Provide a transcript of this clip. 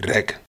reg.